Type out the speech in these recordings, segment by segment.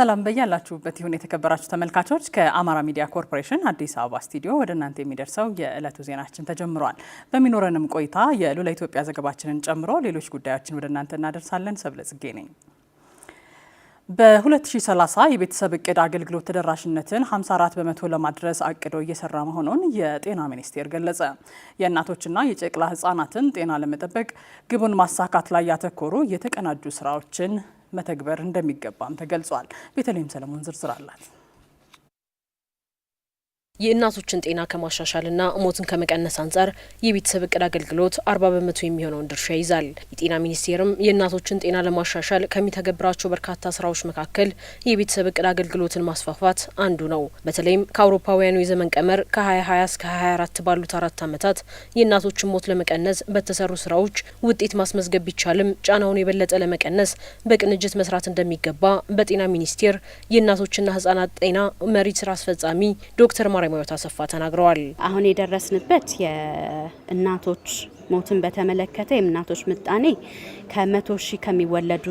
ሰላም በያላችሁበት ይሁን የተከበራችሁ ተመልካቾች። ከአማራ ሚዲያ ኮርፖሬሽን አዲስ አበባ ስቱዲዮ ወደ እናንተ የሚደርሰው የዕለቱ ዜናችን ተጀምሯል። በሚኖረንም ቆይታ የሉላ ኢትዮጵያ ዘገባችንን ጨምሮ ሌሎች ጉዳዮችን ወደ እናንተ እናደርሳለን። ሰብለጽጌ ነኝ። በ2030 የቤተሰብ እቅድ አገልግሎት ተደራሽነትን 54 በመቶ ለማድረስ አቅዶ እየሰራ መሆኑን የጤና ሚኒስቴር ገለጸ። የእናቶችና የጨቅላ ህጻናትን ጤና ለመጠበቅ ግቡን ማሳካት ላይ ያተኮሩ የተቀናጁ ስራዎችን መተግበር እንደሚገባም ተገልጿል። ቤተልሔም ሰለሞን ዝርዝር አላት። የእናቶችን ጤና ከማሻሻልና ሞትን ከመቀነስ አንጻር የቤተሰብ እቅድ አገልግሎት አርባ በመቶ የሚሆነውን ድርሻ ይዛል። የጤና ሚኒስቴርም የእናቶችን ጤና ለማሻሻል ከሚተገብራቸው በርካታ ስራዎች መካከል የቤተሰብ እቅድ አገልግሎትን ማስፋፋት አንዱ ነው። በተለይም ከአውሮፓውያኑ የዘመን ቀመር ከ2020 እስከ 24 ባሉት አራት ዓመታት የእናቶችን ሞት ለመቀነስ በተሰሩ ስራዎች ውጤት ማስመዝገብ ቢቻልም ጫናውን የበለጠ ለመቀነስ በቅንጅት መስራት እንደሚገባ በጤና ሚኒስቴር የእናቶችና ህጻናት ጤና መሪ ስራ አስፈጻሚ ዶክተር ማርያም ሃይማኖት አሰፋ ተናግረዋል። አሁን የደረስንበት የእናቶች ሞትን በተመለከተ የእናቶች ምጣኔ ከመቶ ሺህ ከሚወለዱ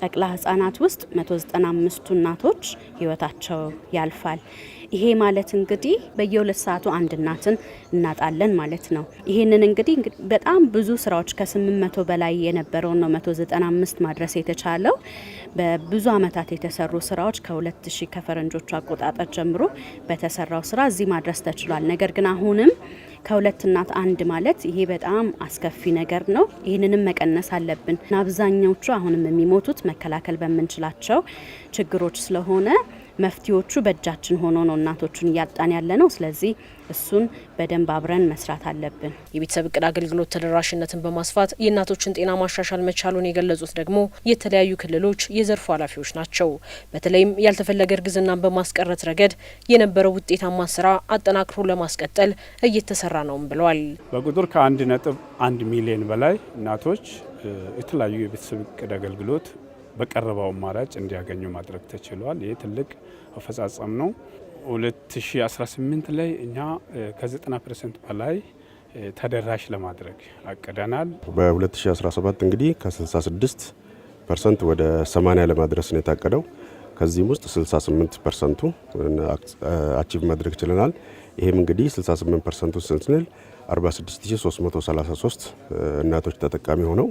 ጨቅላ ህጻናት ውስጥ መቶ ዘጠና አምስቱ እናቶች ህይወታቸው ያልፋል። ይሄ ማለት እንግዲህ በየሁለት ሰዓቱ አንድ እናትን እናጣለን ማለት ነው። ይሄንን እንግዲህ በጣም ብዙ ስራዎች ከ መቶ በላይ የነበረውን ነው 195 ማድረስ የተቻለው በብዙ አመታት የተሰሩ ስራዎች ከ2000 ከፈረንጆቹ አቆጣጠር ጀምሮ በተሰራው ስራ እዚህ ማድረስ ተችሏል። ነገር ግን አሁንም ከሁለት እናት አንድ ማለት ይሄ በጣም አስከፊ ነገር ነው። ይህንንም መቀነስ አለብን። አብዛኛዎቹ አሁንም የሚሞቱት መከላከል በምንችላቸው ችግሮች ስለሆነ መፍትሄዎቹ በእጃችን ሆኖ ነው እናቶቹን እያጣን ያለ ነው። ስለዚህ እሱን በደንብ አብረን መስራት አለብን። የቤተሰብ እቅድ አገልግሎት ተደራሽነትን በማስፋት የእናቶችን ጤና ማሻሻል መቻሉን የገለጹት ደግሞ የተለያዩ ክልሎች የዘርፉ ኃላፊዎች ናቸው። በተለይም ያልተፈለገ እርግዝናን በማስቀረት ረገድ የነበረው ውጤታማ ስራ አጠናክሮ ለማስቀጠል እየተሰራ ነውም ብለዋል። በቁጥር ከአንድ ነጥብ አንድ ሚሊዮን በላይ እናቶች የተለያዩ የቤተሰብ እቅድ አገልግሎት በቀረበው አማራጭ እንዲያገኙ ማድረግ ተችሏል። ይህ ትልቅ አፈጻጸም ነው። 2018 ላይ እኛ ከ90 ፐርሰንት በላይ ተደራሽ ለማድረግ አቅደናል። በ2017 እንግዲህ ከ66 ፐርሰንት ወደ 80 ለማድረስ ነው የታቀደው። ከዚህም ውስጥ 68 ፐርሰንቱ አቺቭ ማድረግ ችለናል። ይህም እንግዲህ 68 ፐርሰንቱን ስንስንል 46333 እናቶች ተጠቃሚ ሆነው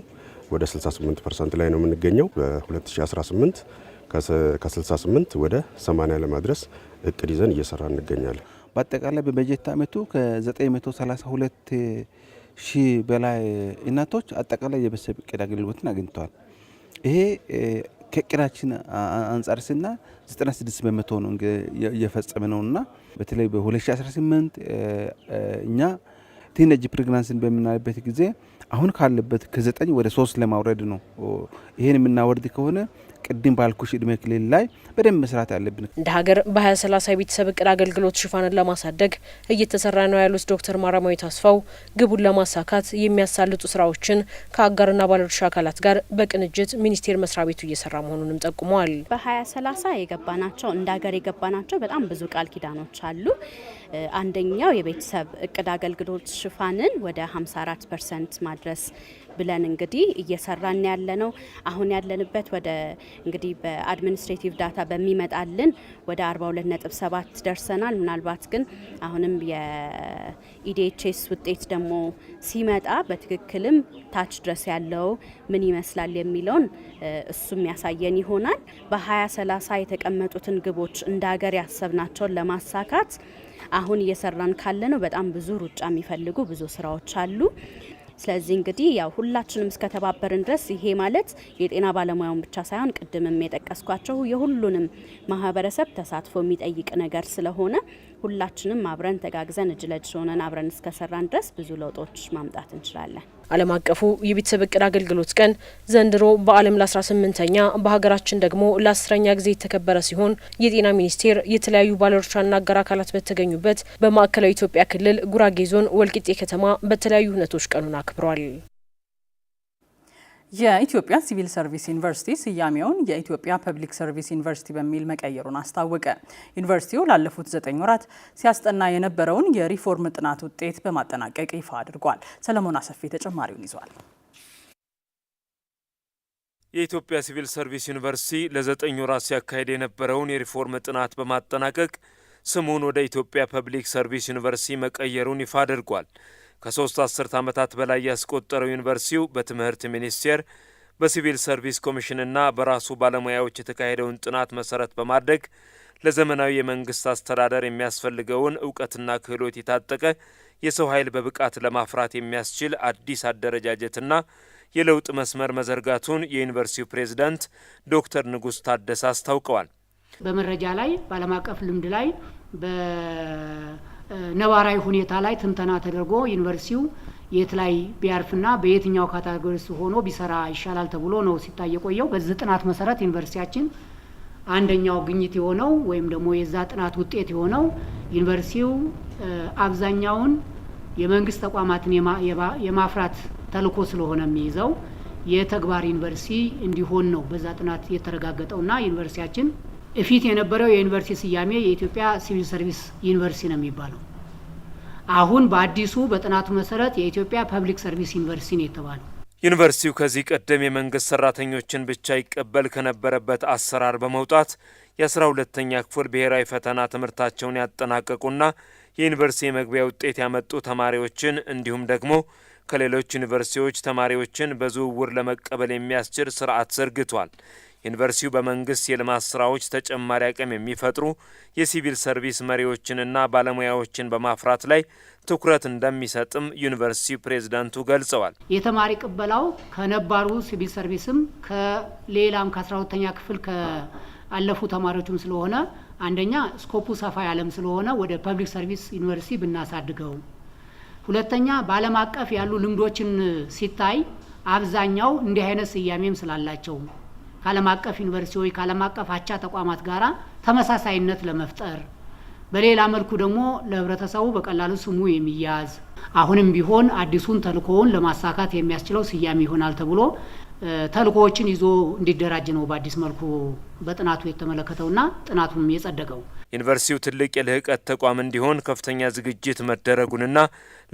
ወደ 68 ፐርሰንት ላይ ነው የምንገኘው። በ2018 ከ68 ወደ 80 ለማድረስ እቅድ ይዘን እየሰራ እንገኛለን። በአጠቃላይ በበጀት ዓመቱ ከ932 ሺህ በላይ እናቶች አጠቃላይ የቤተሰብ እቅድ አገልግሎትን አግኝተዋል። ይሄ ከእቅዳችን አንጻር ስና 96 በመቶ ነው እየፈጸመ እና በተለይ በ2018 እኛ ቲነጅ ፕሬግናንሲን በምናይበት ጊዜ አሁን ካለበት ከዘጠኝ ወደ ሶስት ለማውረድ ነው። ይህን የምናወርድ ከሆነ ቅድም ባልኩሽ እድሜ ክልል ላይ በደንብ መስራት ያለብን እንደ ሀገር በሀያ ሰላሳ የቤተሰብ እቅድ አገልግሎት ሽፋንን ለማሳደግ እየተሰራ ነው ያሉት ዶክተር ማራማዊ ታስፋው ግቡን ለማሳካት የሚያሳልጡ ስራዎችን ከአጋርና ባለድርሻ አካላት ጋር በቅንጅት ሚኒስቴር መስሪያ ቤቱ እየሰራ መሆኑንም ጠቁመዋል ሰላሳ የገባ ናቸው እንደ ሀገር ናቸው በጣም ብዙ ቃል ኪዳኖች አሉ። አንደኛው የቤተሰብ እቅድ አገልግሎት ሽፋንን ወደ 54 ፐርሰንት ማድረስ ብለን እንግዲህ እየሰራን ያለ ነው። አሁን ያለንበት ወደ እንግዲህ በአድሚኒስትሬቲቭ ዳታ በሚመጣልን ወደ 42.7 ደርሰናል። ምናልባት ግን አሁንም የኢዲኤችኤስ ውጤት ደግሞ ሲመጣ በትክክልም ታች ድረስ ያለው ምን ይመስላል የሚለውን እሱም ያሳየን ይሆናል። በ2030 የተቀመጡትን ግቦች እንደ ሀገር ያሰብናቸውን ለማሳካት አሁን እየሰራን ካለ ነው። በጣም ብዙ ሩጫ የሚፈልጉ ብዙ ስራዎች አሉ። ስለዚህ እንግዲህ ያው ሁላችንም እስከተባበርን ድረስ ይሄ ማለት የጤና ባለሙያውን ብቻ ሳይሆን ቅድምም የጠቀስኳቸው የሁሉንም ማህበረሰብ ተሳትፎ የሚጠይቅ ነገር ስለሆነ ሁላችንም አብረን ተጋግዘን እጅ ለእጅ ሆነን አብረን እስከሰራን ድረስ ብዙ ለውጦች ማምጣት እንችላለን። ዓለም አቀፉ የቤተሰብ እቅድ አገልግሎት ቀን ዘንድሮ በዓለም ለ18ኛ በሀገራችን ደግሞ ለአስረኛ ጊዜ የተከበረ ሲሆን የጤና ሚኒስቴር የተለያዩ ባለድርሻና አጋር አካላት በተገኙበት በማዕከላዊ ኢትዮጵያ ክልል ጉራጌ ዞን ወልቂጤ ከተማ በተለያዩ ሁነቶች ቀኑን አክብሯል። የኢትዮጵያ ሲቪል ሰርቪስ ዩኒቨርሲቲ ስያሜውን የኢትዮጵያ ፐብሊክ ሰርቪስ ዩኒቨርሲቲ በሚል መቀየሩን አስታወቀ። ዩኒቨርሲቲው ላለፉት ዘጠኝ ወራት ሲያስጠና የነበረውን የሪፎርም ጥናት ውጤት በማጠናቀቅ ይፋ አድርጓል። ሰለሞን አሰፌ ተጨማሪውን ይዟል። የኢትዮጵያ ሲቪል ሰርቪስ ዩኒቨርሲቲ ለዘጠኝ ወራት ሲያካሄድ የነበረውን የሪፎርም ጥናት በማጠናቀቅ ስሙን ወደ ኢትዮጵያ ፐብሊክ ሰርቪስ ዩኒቨርሲቲ መቀየሩን ይፋ አድርጓል። ከሶስት አስርት ዓመታት በላይ ያስቆጠረው ዩኒቨርሲቲው በትምህርት ሚኒስቴር በሲቪል ሰርቪስ ኮሚሽንና በራሱ ባለሙያዎች የተካሄደውን ጥናት መሰረት በማድረግ ለዘመናዊ የመንግስት አስተዳደር የሚያስፈልገውን እውቀትና ክህሎት የታጠቀ የሰው ኃይል በብቃት ለማፍራት የሚያስችል አዲስ አደረጃጀትና የለውጥ መስመር መዘርጋቱን የዩኒቨርሲቲው ፕሬዝዳንት ዶክተር ንጉስ ታደሰ አስታውቀዋል። በመረጃ ላይ በዓለም አቀፍ ልምድ ላይ ነባራዊ ሁኔታ ላይ ትንተና ተደርጎ ዩኒቨርሲቲው የት ላይ ቢያርፍና በየትኛው ካታጎሪ ሆኖ ቢሰራ ይሻላል ተብሎ ነው ሲታይ የቆየው። በዚህ ጥናት መሰረት ዩኒቨርሲቲያችን አንደኛው ግኝት የሆነው ወይም ደግሞ የዛ ጥናት ውጤት የሆነው ዩኒቨርሲቲው አብዛኛውን የመንግስት ተቋማትን የማፍራት ተልኮ ስለሆነ የሚይዘው የተግባር ዩኒቨርሲቲ እንዲሆን ነው በዛ ጥናት የተረጋገጠውና ዩኒቨርሲቲያችን እፊት የነበረው የዩኒቨርሲቲ ስያሜ የኢትዮጵያ ሲቪል ሰርቪስ ዩኒቨርሲቲ ነው የሚባለው። አሁን በአዲሱ በጥናቱ መሰረት የኢትዮጵያ ፐብሊክ ሰርቪስ ዩኒቨርሲቲ ነው የተባለው። ዩኒቨርሲቲው ከዚህ ቀደም የመንግስት ሰራተኞችን ብቻ ይቀበል ከነበረበት አሰራር በመውጣት የአስራ ሁለተኛ ክፍል ብሔራዊ ፈተና ትምህርታቸውን ያጠናቀቁና የዩኒቨርሲቲ መግቢያ ውጤት ያመጡ ተማሪዎችን እንዲሁም ደግሞ ከሌሎች ዩኒቨርሲቲዎች ተማሪዎችን በዝውውር ለመቀበል የሚያስችል ስርዓት ዘርግቷል። ዩኒቨርሲቲው በመንግስት የልማት ስራዎች ተጨማሪ አቅም የሚፈጥሩ የሲቪል ሰርቪስ መሪዎችንና ባለሙያዎችን በማፍራት ላይ ትኩረት እንደሚሰጥም ዩኒቨርሲቲው ፕሬዝዳንቱ ገልጸዋል። የተማሪ ቅበላው ከነባሩ ሲቪል ሰርቪስም ከሌላም ከአስራ ሁለተኛ ክፍል ከአለፉ ተማሪዎችም ስለሆነ አንደኛ ስኮፑ ሰፋ ያለም ስለሆነ ወደ ፐብሊክ ሰርቪስ ዩኒቨርሲቲ ብናሳድገው፣ ሁለተኛ በዓለም አቀፍ ያሉ ልምዶችን ሲታይ አብዛኛው እንዲህ አይነት ስያሜም ስላላቸው ከዓለም አቀፍ ዩኒቨርሲቲዎች ከዓለም አቀፍ አቻ ተቋማት ጋር ተመሳሳይነት ለመፍጠር በሌላ መልኩ ደግሞ ለህብረተሰቡ በቀላሉ ስሙ የሚያዝ አሁንም ቢሆን አዲሱን ተልእኮውን ለማሳካት የሚያስችለው ስያሜ ይሆናል ተብሎ ተልእኮዎችን ይዞ እንዲደራጅ ነው በአዲስ መልኩ በጥናቱ የተመለከተውና ጥናቱም የጸደቀው። ዩኒቨርሲቲው ትልቅ የልህቀት ተቋም እንዲሆን ከፍተኛ ዝግጅት መደረጉንና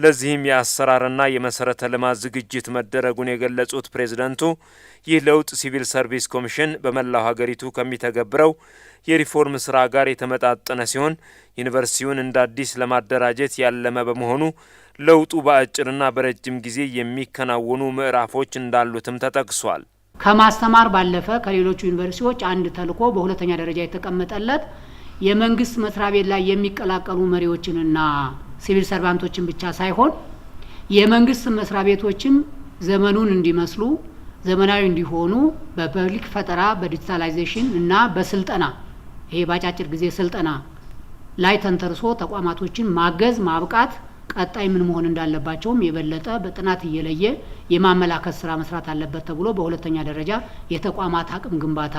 ለዚህም የአሰራርና የመሰረተ ልማት ዝግጅት መደረጉን የገለጹት ፕሬዝደንቱ ይህ ለውጥ ሲቪል ሰርቪስ ኮሚሽን በመላው ሀገሪቱ ከሚተገብረው የሪፎርም ስራ ጋር የተመጣጠነ ሲሆን ዩኒቨርሲቲውን እንደ አዲስ ለማደራጀት ያለመ በመሆኑ ለውጡ በአጭርና በረጅም ጊዜ የሚከናወኑ ምዕራፎች እንዳሉትም ተጠቅሷል። ከማስተማር ባለፈ ከሌሎቹ ዩኒቨርሲቲዎች አንድ ተልዕኮ በሁለተኛ ደረጃ የተቀመጠለት የመንግስት መስሪያ ቤት ላይ የሚቀላቀሉ መሪዎችንና ሲቪል ሰርቫንቶችን ብቻ ሳይሆን የመንግስት መስሪያ ቤቶችም ዘመኑን እንዲመስሉ ዘመናዊ እንዲሆኑ በፐብሊክ ፈጠራ በዲጂታላይዜሽን እና በስልጠና ይሄ በአጫጭር ጊዜ ስልጠና ላይ ተንተርሶ ተቋማቶችን ማገዝ ማብቃት፣ ቀጣይ ምን መሆን እንዳለባቸውም የበለጠ በጥናት እየለየ የማመላከት ስራ መስራት አለበት ተብሎ በሁለተኛ ደረጃ የተቋማት አቅም ግንባታ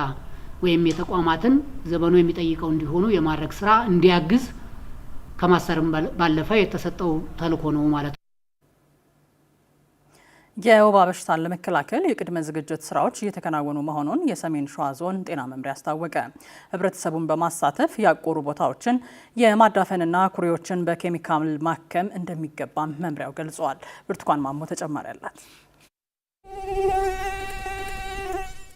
ወይም የተቋማትን ዘመኑ የሚጠይቀው እንዲሆኑ የማድረግ ስራ እንዲያግዝ ከማሰርም ባለፈ የተሰጠው ተልእኮ ነው ማለት ነው። የወባ በሽታን ለመከላከል የቅድመ ዝግጅት ስራዎች እየተከናወኑ መሆኑን የሰሜን ሸዋ ዞን ጤና መምሪያ አስታወቀ። ህብረተሰቡን በማሳተፍ ያቆሩ ቦታዎችን የማዳፈንና ኩሬዎችን በኬሚካል ማከም እንደሚገባም መምሪያው ገልጿል። ብርቱካን ማሞ ተጨማሪ አላት።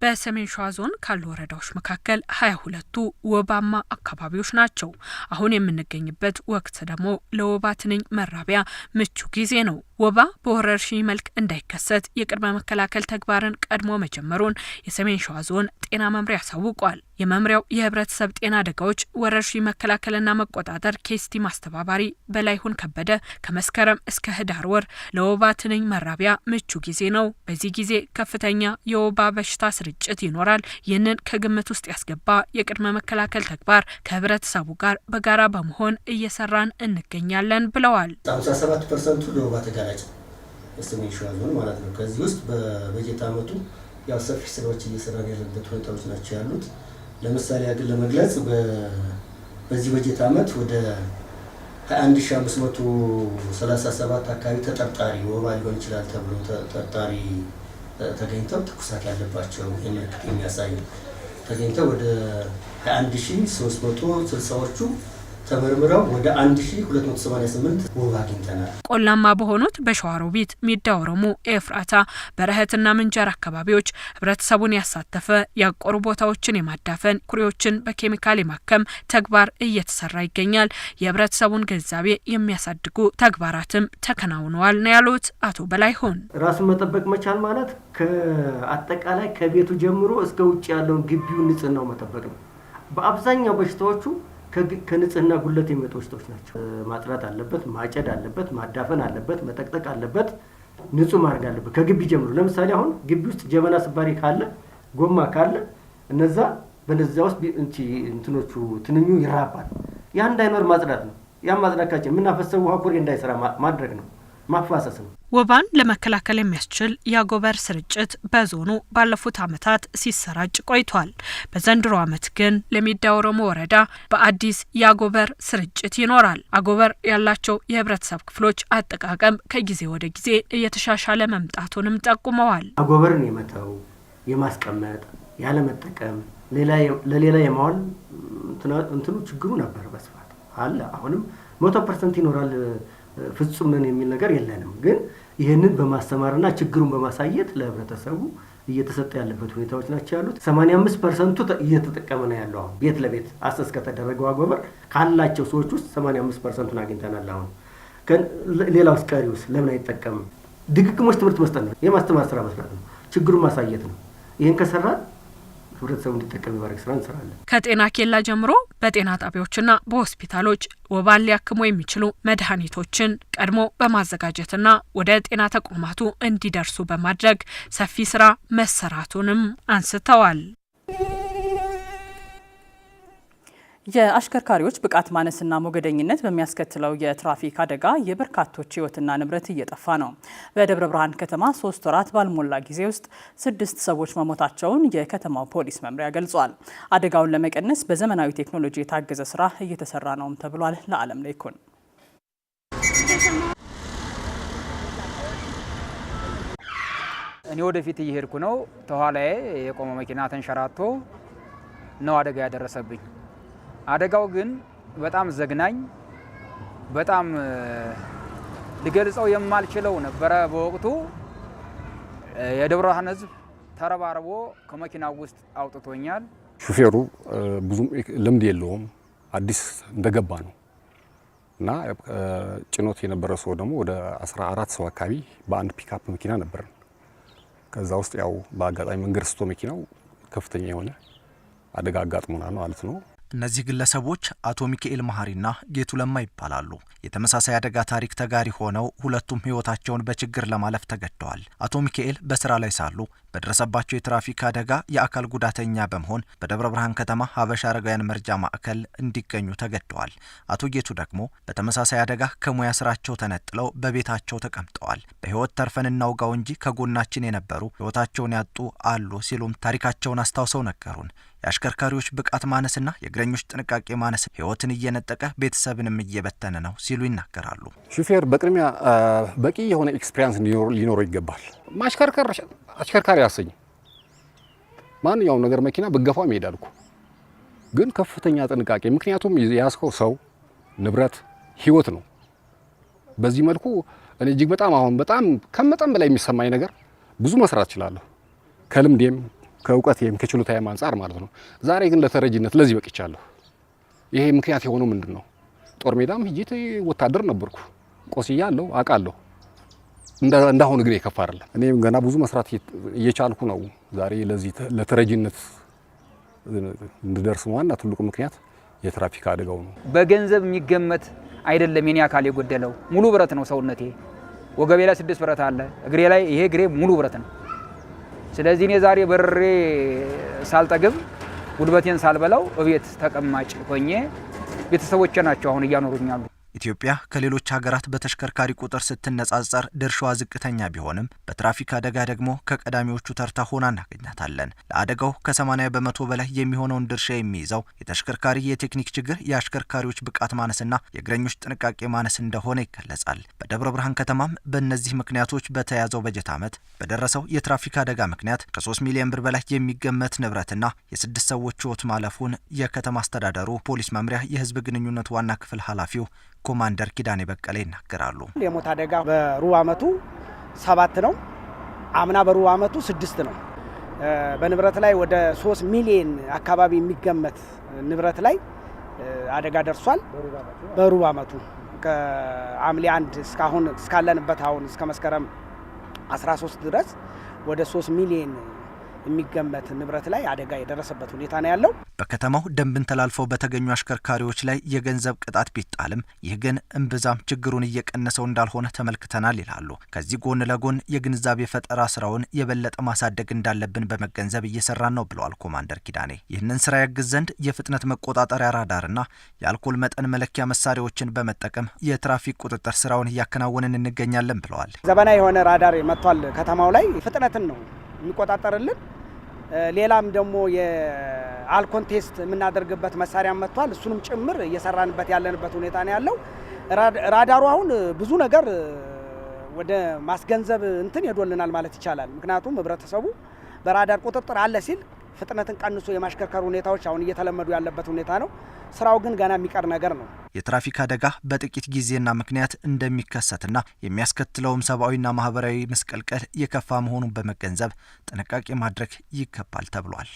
በሰሜን ሸዋ ዞን ካሉ ወረዳዎች መካከል ሀያ ሁለቱ ወባማ አካባቢዎች ናቸው። አሁን የምንገኝበት ወቅት ደግሞ ለወባ ትንኝ መራቢያ ምቹ ጊዜ ነው። ወባ በወረርሽኝ መልክ እንዳይከሰት የቅድመ መከላከል ተግባርን ቀድሞ መጀመሩን የሰሜን ሸዋ ዞን ጤና መምሪያ አሳውቋል። የመምሪያው የህብረተሰብ ጤና አደጋዎች ወረርሽኝ መከላከልና መቆጣጠር ኬስቲ ማስተባባሪ በላይሁን ከበደ ከመስከረም እስከ ህዳር ወር ለወባ ትንኝ መራቢያ ምቹ ጊዜ ነው። በዚህ ጊዜ ከፍተኛ የወባ በሽታ ስርጭት ይኖራል። ይህንን ከግምት ውስጥ ያስገባ የቅድመ መከላከል ተግባር ከህብረተሰቡ ጋር በጋራ በመሆን እየሰራን እንገኛለን ብለዋል። ደረጃ ኤስቲሜሽን ማለት ነው። ከዚህ ውስጥ በበጀት ዓመቱ ያው ሰፊ ስራዎች እየሰራን ያለበት ሁኔታዎች ናቸው ያሉት። ለምሳሌ ያግል ለመግለጽ በዚህ በጀት ዓመት ወደ 21537 አካባቢ ተጠርጣሪ ወባ ሊሆን ይችላል ተብሎ ተጠርጣሪ ተገኝተው ትኩሳት ያለባቸው ምልክት የሚያሳዩ ተገኝተው ወደ 21360ዎቹ ተመርምረው ወደ 1288 ወባ አግኝተናል። ቆላማ በሆኑት በሸዋሮቢት፣ ሚዳ ኦሮሞ፣ ኤፍራታ፣ በረህትና ምንጃር አካባቢዎች ህብረተሰቡን ያሳተፈ ያቆሩ ቦታዎችን የማዳፈን ኩሬዎችን በኬሚካል የማከም ተግባር እየተሰራ ይገኛል። የህብረተሰቡን ግንዛቤ የሚያሳድጉ ተግባራትም ተከናውነዋል ነው ያሉት አቶ በላይሆን። ራሱን መጠበቅ መቻል ማለት ከአጠቃላይ ከቤቱ ጀምሮ እስከ ውጭ ያለውን ግቢውን ንጽህናው መጠበቅ ነው። በአብዛኛው በሽታዎቹ ከንጽህና ጉለት የሚመጡ በሽታዎች ናቸው። ማጥራት አለበት፣ ማጨድ አለበት፣ ማዳፈን አለበት፣ መጠቅጠቅ አለበት፣ ንጹህ ማድረግ አለበት ከግቢ ጀምሮ። ለምሳሌ አሁን ግቢ ውስጥ ጀበና ስባሪ ካለ፣ ጎማ ካለ እነዛ በነዚያ ውስጥ እንትኖቹ ትንኙ ይራባል። ያ እንዳይኖር ማጽዳት ነው። ያ ማጽዳካቸው የምናፈሰው ውሃ ኩሬ እንዳይሰራ ማድረግ ነው። ማፋሰስ ነው። ወባን ለመከላከል የሚያስችል የአጎበር ስርጭት በዞኑ ባለፉት ዓመታት ሲሰራጭ ቆይቷል። በዘንድሮ ዓመት ግን ለሚዳ ኦሮሞ ወረዳ በአዲስ የአጎበር ስርጭት ይኖራል። አጎበር ያላቸው የህብረተሰብ ክፍሎች አጠቃቀም ከጊዜ ወደ ጊዜ እየተሻሻለ መምጣቱንም ጠቁመዋል። አጎበርን የመተው የማስቀመጥ ያለመጠቀም ለሌላ የማዋል እንትኑ ችግሩ ነበር በስፋት አለ። አሁንም መቶ ፐርሰንት ይኖራል ፍጹም ነን የሚል ነገር የለንም። ግን ይህንን በማስተማርና ችግሩን በማሳየት ለህብረተሰቡ እየተሰጠ ያለበት ሁኔታዎች ናቸው ያሉት። 85 ፐርሰንቱ እየተጠቀመ ነው ያለው። አሁን ቤት ለቤት አሰስ ከተደረገው አጎበር ካላቸው ሰዎች ውስጥ 85 ፐርሰንቱን አግኝተናል። አሁን ሌላውስ ቀሪውስ ለምን አይጠቀምም? ድግግሞች ትምህርት መስጠት ነው፣ የማስተማር ስራ መስራት ነው፣ ችግሩን ማሳየት ነው። ይህን ከሰራን ህብረተሰቡ እንዲጠቀም የማድረግ ስራ እንሰራለን። ከጤና ኬላ ጀምሮ በጤና ጣቢያዎችና በሆስፒታሎች ወባን ሊያክሙ የሚችሉ መድኃኒቶችን ቀድሞ በማዘጋጀትና ወደ ጤና ተቋማቱ እንዲደርሱ በማድረግ ሰፊ ስራ መሰራቱንም አንስተዋል። የአሽከርካሪዎች ብቃት ማነስና ሞገደኝነት በሚያስከትለው የትራፊክ አደጋ የበርካቶች ሕይወትና ንብረት እየጠፋ ነው። በደብረ ብርሃን ከተማ ሶስት ወራት ባልሞላ ጊዜ ውስጥ ስድስት ሰዎች መሞታቸውን የከተማው ፖሊስ መምሪያ ገልጿል። አደጋውን ለመቀነስ በዘመናዊ ቴክኖሎጂ የታገዘ ስራ እየተሰራ ነውም ተብሏል። ለዓለም ለይኩን እኔ ወደፊት እየሄድኩ ነው። ተኋላዬ የቆመ መኪና ተንሸራቶ ነው አደጋ ያደረሰብኝ። አደጋው ግን በጣም ዘግናኝ በጣም ልገልጸው የማልችለው ነበረ። በወቅቱ የደብረ ብርሃን ህዝብ ተረባርቦ ከመኪና ውስጥ አውጥቶኛል። ሹፌሩ ብዙም ልምድ የለውም፣ አዲስ እንደገባ ነው እና ጭኖት የነበረ ሰው ደግሞ ወደ 14 ሰው አካባቢ በአንድ ፒካፕ መኪና ነበር። ከዛ ውስጥ ያው በአጋጣሚ መንገድ ስቶ መኪናው ከፍተኛ የሆነ አደጋ አጋጥሞናል ማለት ነው። እነዚህ ግለሰቦች አቶ ሚካኤል መሀሪና ጌቱ ለማ ይባላሉ። የተመሳሳይ አደጋ ታሪክ ተጋሪ ሆነው ሁለቱም ሕይወታቸውን በችግር ለማለፍ ተገደዋል። አቶ ሚካኤል በስራ ላይ ሳሉ በደረሰባቸው የትራፊክ አደጋ የአካል ጉዳተኛ በመሆን በደብረ ብርሃን ከተማ ሀበሻ አረጋውያን መርጃ ማዕከል እንዲገኙ ተገደዋል። አቶ ጌቱ ደግሞ በተመሳሳይ አደጋ ከሙያ ስራቸው ተነጥለው በቤታቸው ተቀምጠዋል። በሕይወት ተርፈን እናውጋው እንጂ ከጎናችን የነበሩ ሕይወታቸውን ያጡ አሉ ሲሉም ታሪካቸውን አስታውሰው ነገሩን። የአሽከርካሪዎች ብቃት ማነስና የእግረኞች ጥንቃቄ ማነስ ህይወትን እየነጠቀ ቤተሰብንም እየበተነ ነው ሲሉ ይናገራሉ። ሹፌር በቅድሚያ በቂ የሆነ ኤክስፒሪያንስ ሊኖረው ይገባል። ማሽከርከር አሽከርካሪ ያሰኝ ማንኛውም ነገር መኪና ብገፋው መሄድ ግን ከፍተኛ ጥንቃቄ ምክንያቱም የያዝከው ሰው ንብረት ህይወት ነው። በዚህ መልኩ እኔ እጅግ በጣም አሁን በጣም ከመጠን በላይ የሚሰማኝ ነገር ብዙ መስራት እችላለሁ ከልምዴም ከእውቀት ወይም ከችሎታዬም አንጻር ማለት ነው። ዛሬ ግን ለተረጂነት ለዚህ በቅቻለሁ። ይሄ ምክንያት የሆነው ምንድን ነው? ጦር ሜዳም ሂጅት ወታደር ነበርኩ፣ አለው አውቃለሁ። እንዳሁን ግን የከፋ አይደለም። እኔም ገና ብዙ መስራት እየቻልኩ ነው። ዛሬ ለዚህ ለተረጂነት እንድደርስ ዋና ትልቁ ምክንያት የትራፊክ አደጋው ነው። በገንዘብ የሚገመት አይደለም። የኔ አካል የጎደለው ሙሉ ብረት ነው ሰውነቴ። ወገቤ ላይ ስድስት ብረት አለ፣ እግሬ ላይ ይሄ እግሬ ሙሉ ብረት ነው። ስለዚህ እኔ ዛሬ በርሬ ሳልጠግብ ጉልበቴን ሳልበላው እቤት ተቀማጭ ሆኜ ቤተሰቦቼ ናቸው አሁን እያኖሩኛሉ። ኢትዮጵያ ከሌሎች ሀገራት በተሽከርካሪ ቁጥር ስትነጻጸር ድርሻዋ ዝቅተኛ ቢሆንም በትራፊክ አደጋ ደግሞ ከቀዳሚዎቹ ተርታ ሆና እናገኛታለን። ለአደጋው ከ80 በመቶ በላይ የሚሆነውን ድርሻ የሚይዘው የተሽከርካሪ የቴክኒክ ችግር፣ የአሽከርካሪዎች ብቃት ማነስና የእግረኞች ጥንቃቄ ማነስ እንደሆነ ይገለጻል። በደብረ ብርሃን ከተማም በእነዚህ ምክንያቶች በተያዘው በጀት ዓመት በደረሰው የትራፊክ አደጋ ምክንያት ከ3 ሚሊዮን ብር በላይ የሚገመት ንብረትና የስድስት ሰዎች ህይወት ማለፉን የከተማ አስተዳደሩ ፖሊስ መምሪያ የህዝብ ግንኙነት ዋና ክፍል ኃላፊው ኮማንደር ኪዳኔ በቀለ ይናገራሉ። የሞት አደጋ በሩብ ዓመቱ ሰባት ነው። አምና በሩብ ዓመቱ ስድስት ነው። በንብረት ላይ ወደ ሶስት ሚሊየን አካባቢ የሚገመት ንብረት ላይ አደጋ ደርሷል። በሩብ ዓመቱ ከሐምሌ አንድ እስካሁን እስካለንበት አሁን እስከ መስከረም 13 ድረስ ወደ 3 ሚሊየን የሚገመት ንብረት ላይ አደጋ የደረሰበት ሁኔታ ነው ያለው። በከተማው ደንብን ተላልፈው በተገኙ አሽከርካሪዎች ላይ የገንዘብ ቅጣት ቢጣልም ይህ ግን እምብዛም ችግሩን እየቀነሰው እንዳልሆነ ተመልክተናል ይላሉ። ከዚህ ጎን ለጎን የግንዛቤ ፈጠራ ስራውን የበለጠ ማሳደግ እንዳለብን በመገንዘብ እየሰራን ነው ብለዋል ኮማንደር ኪዳኔ። ይህንን ስራ ያግዝ ዘንድ የፍጥነት መቆጣጠሪያ ራዳርና የአልኮል መጠን መለኪያ መሳሪያዎችን በመጠቀም የትራፊክ ቁጥጥር ስራውን እያከናወንን እንገኛለን ብለዋል። ዘመናዊ የሆነ ራዳር መጥቷል ከተማው ላይ ፍጥነትን ነው የሚቆጣጠርልን ሌላም ደግሞ የአልኮን ቴስት የምናደርግበት መሳሪያ መጥቷል። እሱንም ጭምር እየሰራንበት ያለንበት ሁኔታ ነው ያለው። ራዳሩ አሁን ብዙ ነገር ወደ ማስገንዘብ እንትን ሄዶልናል ማለት ይቻላል። ምክንያቱም ህብረተሰቡ በራዳር ቁጥጥር አለ ሲል ፍጥነትን ቀንሶ የማሽከርከር ሁኔታዎች አሁን እየተለመዱ ያለበት ሁኔታ ነው። ስራው ግን ገና የሚቀር ነገር ነው። የትራፊክ አደጋ በጥቂት ጊዜና ምክንያት እንደሚከሰትና የሚያስከትለውም ሰብአዊና ማህበራዊ መስቀልቀል የከፋ መሆኑን በመገንዘብ ጥንቃቄ ማድረግ ይገባል ተብሏል።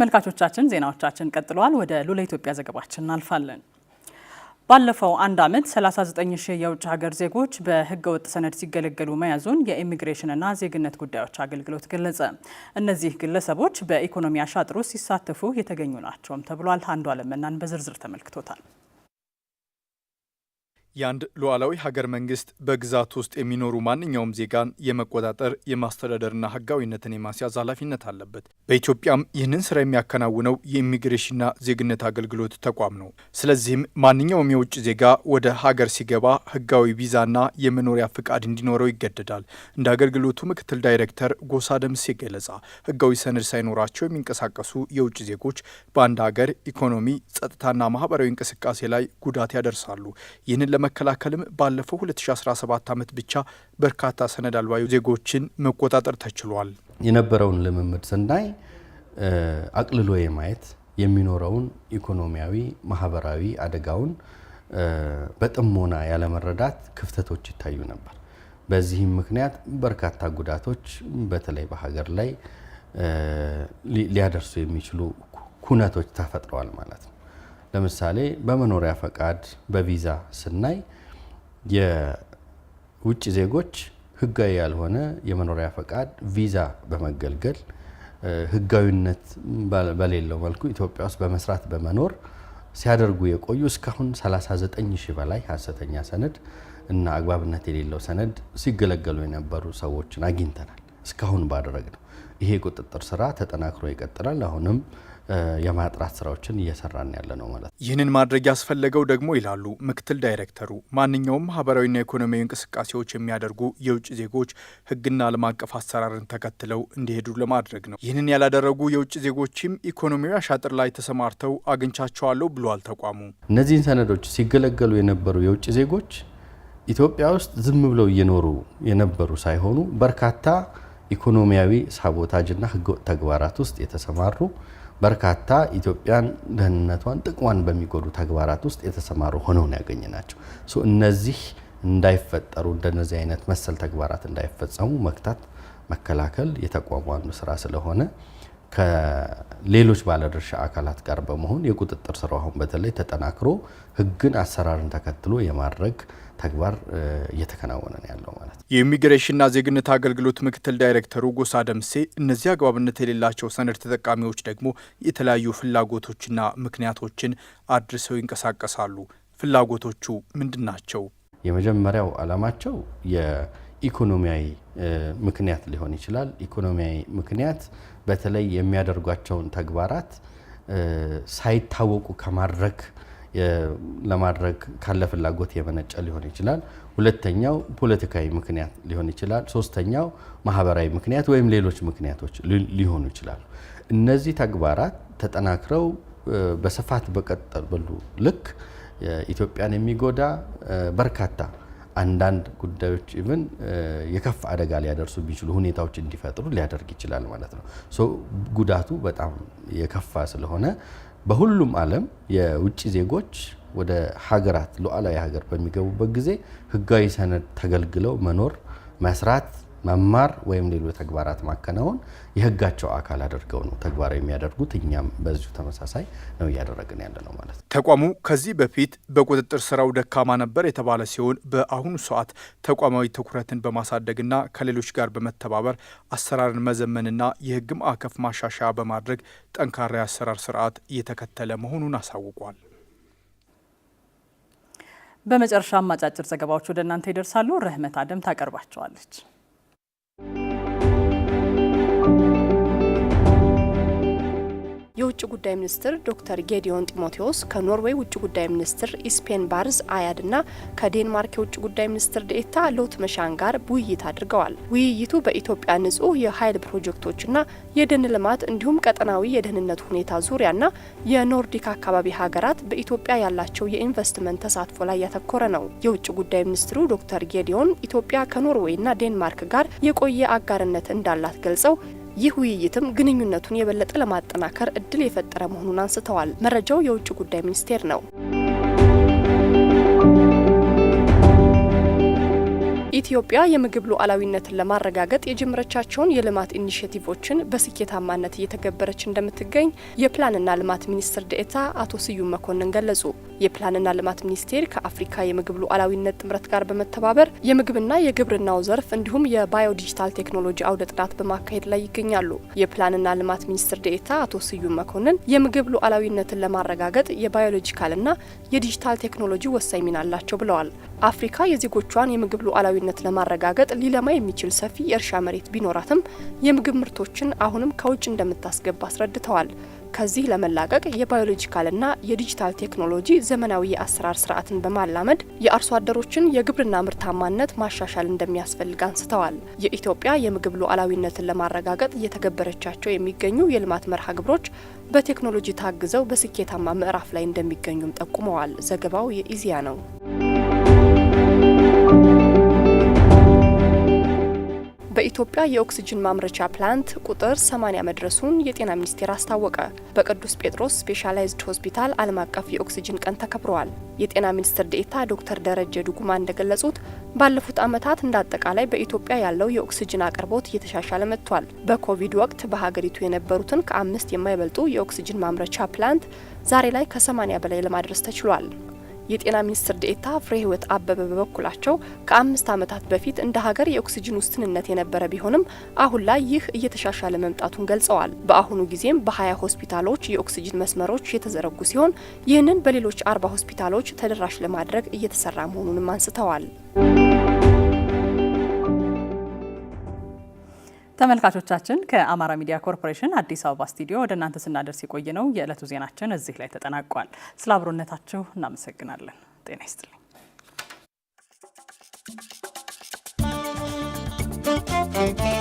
ተመልካቾቻችን ዜናዎቻችን ቀጥለዋል። ወደ ሉላ ኢትዮጵያ ዘገባችን እናልፋለን። ባለፈው አንድ ዓመት 39 ሺህ የውጭ ሀገር ዜጎች በህገወጥ ሰነድ ሲገለገሉ መያዙን የኢሚግሬሽንና ዜግነት ጉዳዮች አገልግሎት ገለጸ። እነዚህ ግለሰቦች በኢኮኖሚ አሻጥሩ ሲሳተፉ የተገኙ ናቸውም ተብሏል። አንዷ ለመናን በዝርዝር ተመልክቶታል። የአንድ ሉዓላዊ ሀገር መንግስት በግዛት ውስጥ የሚኖሩ ማንኛውም ዜጋን የመቆጣጠር የማስተዳደርና ህጋዊነትን የማስያዝ ኃላፊነት አለበት። በኢትዮጵያም ይህንን ስራ የሚያከናውነው የኢሚግሬሽንና ዜግነት አገልግሎት ተቋም ነው። ስለዚህም ማንኛውም የውጭ ዜጋ ወደ ሀገር ሲገባ ህጋዊ ቪዛና የመኖሪያ ፍቃድ እንዲኖረው ይገደዳል። እንደ አገልግሎቱ ምክትል ዳይሬክተር ጎሳ ደምሴ ገለጻ ህጋዊ ሰነድ ሳይኖራቸው የሚንቀሳቀሱ የውጭ ዜጎች በአንድ ሀገር ኢኮኖሚ፣ ጸጥታና ማህበራዊ እንቅስቃሴ ላይ ጉዳት ያደርሳሉ። ይህንን ለመከላከልም ባለፈው 2017 ዓመት ብቻ በርካታ ሰነድ አልባ ዜጎችን መቆጣጠር ተችሏል። የነበረውን ልምምድ ስናይ አቅልሎ የማየት የሚኖረውን ኢኮኖሚያዊ፣ ማህበራዊ አደጋውን በጥሞና ያለመረዳት ክፍተቶች ይታዩ ነበር። በዚህም ምክንያት በርካታ ጉዳቶች በተለይ በሀገር ላይ ሊያደርሱ የሚችሉ ኩነቶች ተፈጥረዋል ማለት ነው። ለምሳሌ በመኖሪያ ፈቃድ በቪዛ ስናይ የውጭ ዜጎች ህጋዊ ያልሆነ የመኖሪያ ፈቃድ ቪዛ በመገልገል ህጋዊነት በሌለው መልኩ ኢትዮጵያ ውስጥ በመስራት በመኖር ሲያደርጉ የቆዩ እስካሁን 39 ሺህ በላይ ሀሰተኛ ሰነድ እና አግባብነት የሌለው ሰነድ ሲገለገሉ የነበሩ ሰዎችን አግኝተናል። እስካሁን ባደረግ ነው። ይሄ የቁጥጥር ስራ ተጠናክሮ ይቀጥላል። አሁንም የማጥራት ስራዎችን እየሰራን ያለ ነው ማለት ነው። ይህንን ማድረግ ያስፈለገው ደግሞ ይላሉ ምክትል ዳይሬክተሩ፣ ማንኛውም ማህበራዊና ኢኮኖሚያዊ እንቅስቃሴዎች የሚያደርጉ የውጭ ዜጎች ህግና ዓለም አቀፍ አሰራርን ተከትለው እንዲሄዱ ለማድረግ ነው። ይህንን ያላደረጉ የውጭ ዜጎችም ኢኮኖሚያዊ አሻጥር ላይ ተሰማርተው አግኝቻቸዋለሁ ብሏል ተቋሙ። እነዚህን ሰነዶች ሲገለገሉ የነበሩ የውጭ ዜጎች ኢትዮጵያ ውስጥ ዝም ብለው እየኖሩ የነበሩ ሳይሆኑ በርካታ ኢኮኖሚያዊ ሳቦታጅና ህገወጥ ተግባራት ውስጥ የተሰማሩ በርካታ ኢትዮጵያን ደህንነቷን፣ ጥቅሟን በሚጎዱ ተግባራት ውስጥ የተሰማሩ ሆነው ነው ናቸው። እነዚህ እንዳይፈጠሩ እንደነዚህ አይነት መሰል ተግባራት እንዳይፈጸሙ መክታት፣ መከላከል የተቋሙ አንዱ ስራ ስለሆነ ከሌሎች ባለድርሻ አካላት ጋር በመሆን የቁጥጥር ስራው አሁን በተለይ ተጠናክሮ ህግን አሰራርን ተከትሎ የማድረግ ተግባር እየተከናወነ ነው ያለው ማለት ነው። የኢሚግሬሽንና ዜግነት አገልግሎት ምክትል ዳይሬክተሩ ጎሳ ደምሴ እነዚህ አግባብነት የሌላቸው ሰነድ ተጠቃሚዎች ደግሞ የተለያዩ ፍላጎቶችና ምክንያቶችን አድርሰው ይንቀሳቀሳሉ። ፍላጎቶቹ ምንድን ናቸው? የመጀመሪያው ዓላማቸው የኢኮኖሚያዊ ምክንያት ሊሆን ይችላል። ኢኮኖሚያዊ ምክንያት በተለይ የሚያደርጓቸውን ተግባራት ሳይታወቁ ከማድረግ ለማድረግ ካለ ፍላጎት የመነጨ ሊሆን ይችላል። ሁለተኛው ፖለቲካዊ ምክንያት ሊሆን ይችላል። ሶስተኛው ማህበራዊ ምክንያት ወይም ሌሎች ምክንያቶች ሊሆኑ ይችላሉ። እነዚህ ተግባራት ተጠናክረው በስፋት በቀጠሉ ልክ ኢትዮጵያን የሚጎዳ በርካታ አንዳንድ ጉዳዮች ኢቭን የከፍ አደጋ ሊያደርሱ ቢችሉ ሁኔታዎች እንዲፈጥሩ ሊያደርግ ይችላል ማለት ነው። ጉዳቱ በጣም የከፋ ስለሆነ በሁሉም ዓለም የውጭ ዜጎች ወደ ሀገራት ሉዓላዊ ሀገር በሚገቡበት ጊዜ ህጋዊ ሰነድ ተገልግለው መኖር መስራት መማር ወይም ሌሎች ተግባራት ማከናወን የህጋቸው አካል አድርገው ነው ተግባራዊ የሚያደርጉት። እኛም በዚሁ ተመሳሳይ ነው እያደረግን ያለ ነው ማለት ነው። ተቋሙ ከዚህ በፊት በቁጥጥር ስራው ደካማ ነበር የተባለ ሲሆን በአሁኑ ሰዓት ተቋማዊ ትኩረትን በማሳደግና ከሌሎች ጋር በመተባበር አሰራርን መዘመንና የህግ ማዕቀፍ ማሻሻያ በማድረግ ጠንካራ የአሰራር ስርዓት እየተከተለ መሆኑን አሳውቋል። በመጨረሻም አጫጭር ዘገባዎች ወደ እናንተ ይደርሳሉ። ረህመት አደም ታቀርባቸዋለች። Thank you. ውጭ ጉዳይ ሚኒስትር ዶክተር ጌዲዮን ጢሞቴዎስ ከኖርዌይ ውጭ ጉዳይ ሚኒስትር ኢስፔን ባርዝ አያድ እና ከዴንማርክ የውጭ ጉዳይ ሚኒስትር ዴኤታ ሎት መሻን ጋር ውይይት አድርገዋል። ውይይቱ በኢትዮጵያ ንጹህ የኃይል ፕሮጀክቶችና የደን ልማት እንዲሁም ቀጠናዊ የደህንነት ሁኔታ ዙሪያና የኖርዲክ አካባቢ ሀገራት በኢትዮጵያ ያላቸው የኢንቨስትመንት ተሳትፎ ላይ ያተኮረ ነው። የውጭ ጉዳይ ሚኒስትሩ ዶክተር ጌዲዮን ኢትዮጵያ ከኖርዌይና ዴንማርክ ጋር የቆየ አጋርነት እንዳላት ገልጸው ይህ ውይይትም ግንኙነቱን የበለጠ ለማጠናከር እድል የፈጠረ መሆኑን አንስተዋል። መረጃው የውጭ ጉዳይ ሚኒስቴር ነው። ኢትዮጵያ የምግብ ሉዓላዊነትን ለማረጋገጥ የጀመረቻቸውን የልማት ኢኒሽቲቮችን በስኬታማነት እየተገበረች እንደምትገኝ የፕላንና ልማት ሚኒስትር ዴኤታ አቶ ስዩም መኮንን ገለጹ። የፕላንና ልማት ሚኒስቴር ከአፍሪካ የምግብ ሉዓላዊነት ጥምረት ጋር በመተባበር የምግብና የግብርናው ዘርፍ እንዲሁም የባዮ ዲጂታል ቴክኖሎጂ አውደ ጥናት በማካሄድ ላይ ይገኛሉ። የፕላንና ልማት ሚኒስትር ዴኤታ አቶ ስዩም መኮንን የምግብ ሉዓላዊነትን ለማረጋገጥ የባዮሎጂካልና የዲጂታል ቴክኖሎጂ ወሳኝ ሚና አላቸው ብለዋል። አፍሪካ የዜጎቿን የምግብ ሉዓላዊነት ለማረጋገጥ ሊለማ የሚችል ሰፊ የእርሻ መሬት ቢኖራትም የምግብ ምርቶችን አሁንም ከውጭ እንደምታስገባ አስረድተዋል። ከዚህ ለመላቀቅ የባዮሎጂካልና የዲጂታል ቴክኖሎጂ ዘመናዊ የአሰራር ስርዓትን በማላመድ የአርሶ አደሮችን የግብርና ምርታማነት ማሻሻል እንደሚያስፈልግ አንስተዋል። የኢትዮጵያ የምግብ ሉዓላዊነትን ለማረጋገጥ እየተገበረቻቸው የሚገኙ የልማት መርሃ ግብሮች በቴክኖሎጂ ታግዘው በስኬታማ ምዕራፍ ላይ እንደሚገኙም ጠቁመዋል። ዘገባው የኢዚያ ነው። በኢትዮጵያ የኦክስጅን ማምረቻ ፕላንት ቁጥር 80 መድረሱን የጤና ሚኒስቴር አስታወቀ። በቅዱስ ጴጥሮስ ስፔሻላይዝድ ሆስፒታል ዓለም አቀፍ የኦክስጅን ቀን ተከብረዋል። የጤና ሚኒስትር ዴኤታ ዶክተር ደረጀ ዱጉማ እንደገለጹት ባለፉት ዓመታት እንደ አጠቃላይ በኢትዮጵያ ያለው የኦክስጅን አቅርቦት እየተሻሻለ መጥቷል። በኮቪድ ወቅት በሀገሪቱ የነበሩትን ከአምስት የማይበልጡ የኦክስጅን ማምረቻ ፕላንት ዛሬ ላይ ከ80 በላይ ለማድረስ ተችሏል። የጤና ሚኒስትር ዴኤታ ፍሬ ህይወት አበበ በበኩላቸው ከአምስት ዓመታት በፊት እንደ ሀገር የኦክሲጅን ውስንነት የነበረ ቢሆንም አሁን ላይ ይህ እየተሻሻለ መምጣቱን ገልጸዋል። በአሁኑ ጊዜም በሀያ ሆስፒታሎች የኦክሲጅን መስመሮች የተዘረጉ ሲሆን ይህንን በሌሎች አርባ ሆስፒታሎች ተደራሽ ለማድረግ እየተሰራ መሆኑንም አንስተዋል። ተመልካቾቻችን ከአማራ ሚዲያ ኮርፖሬሽን አዲስ አበባ ስቱዲዮ ወደ እናንተ ስናደርስ የቆየ ነው የዕለቱ ዜናችን እዚህ ላይ ተጠናቋል። ስለ አብሮነታችሁ እናመሰግናለን። ጤና ይስጥልኝ።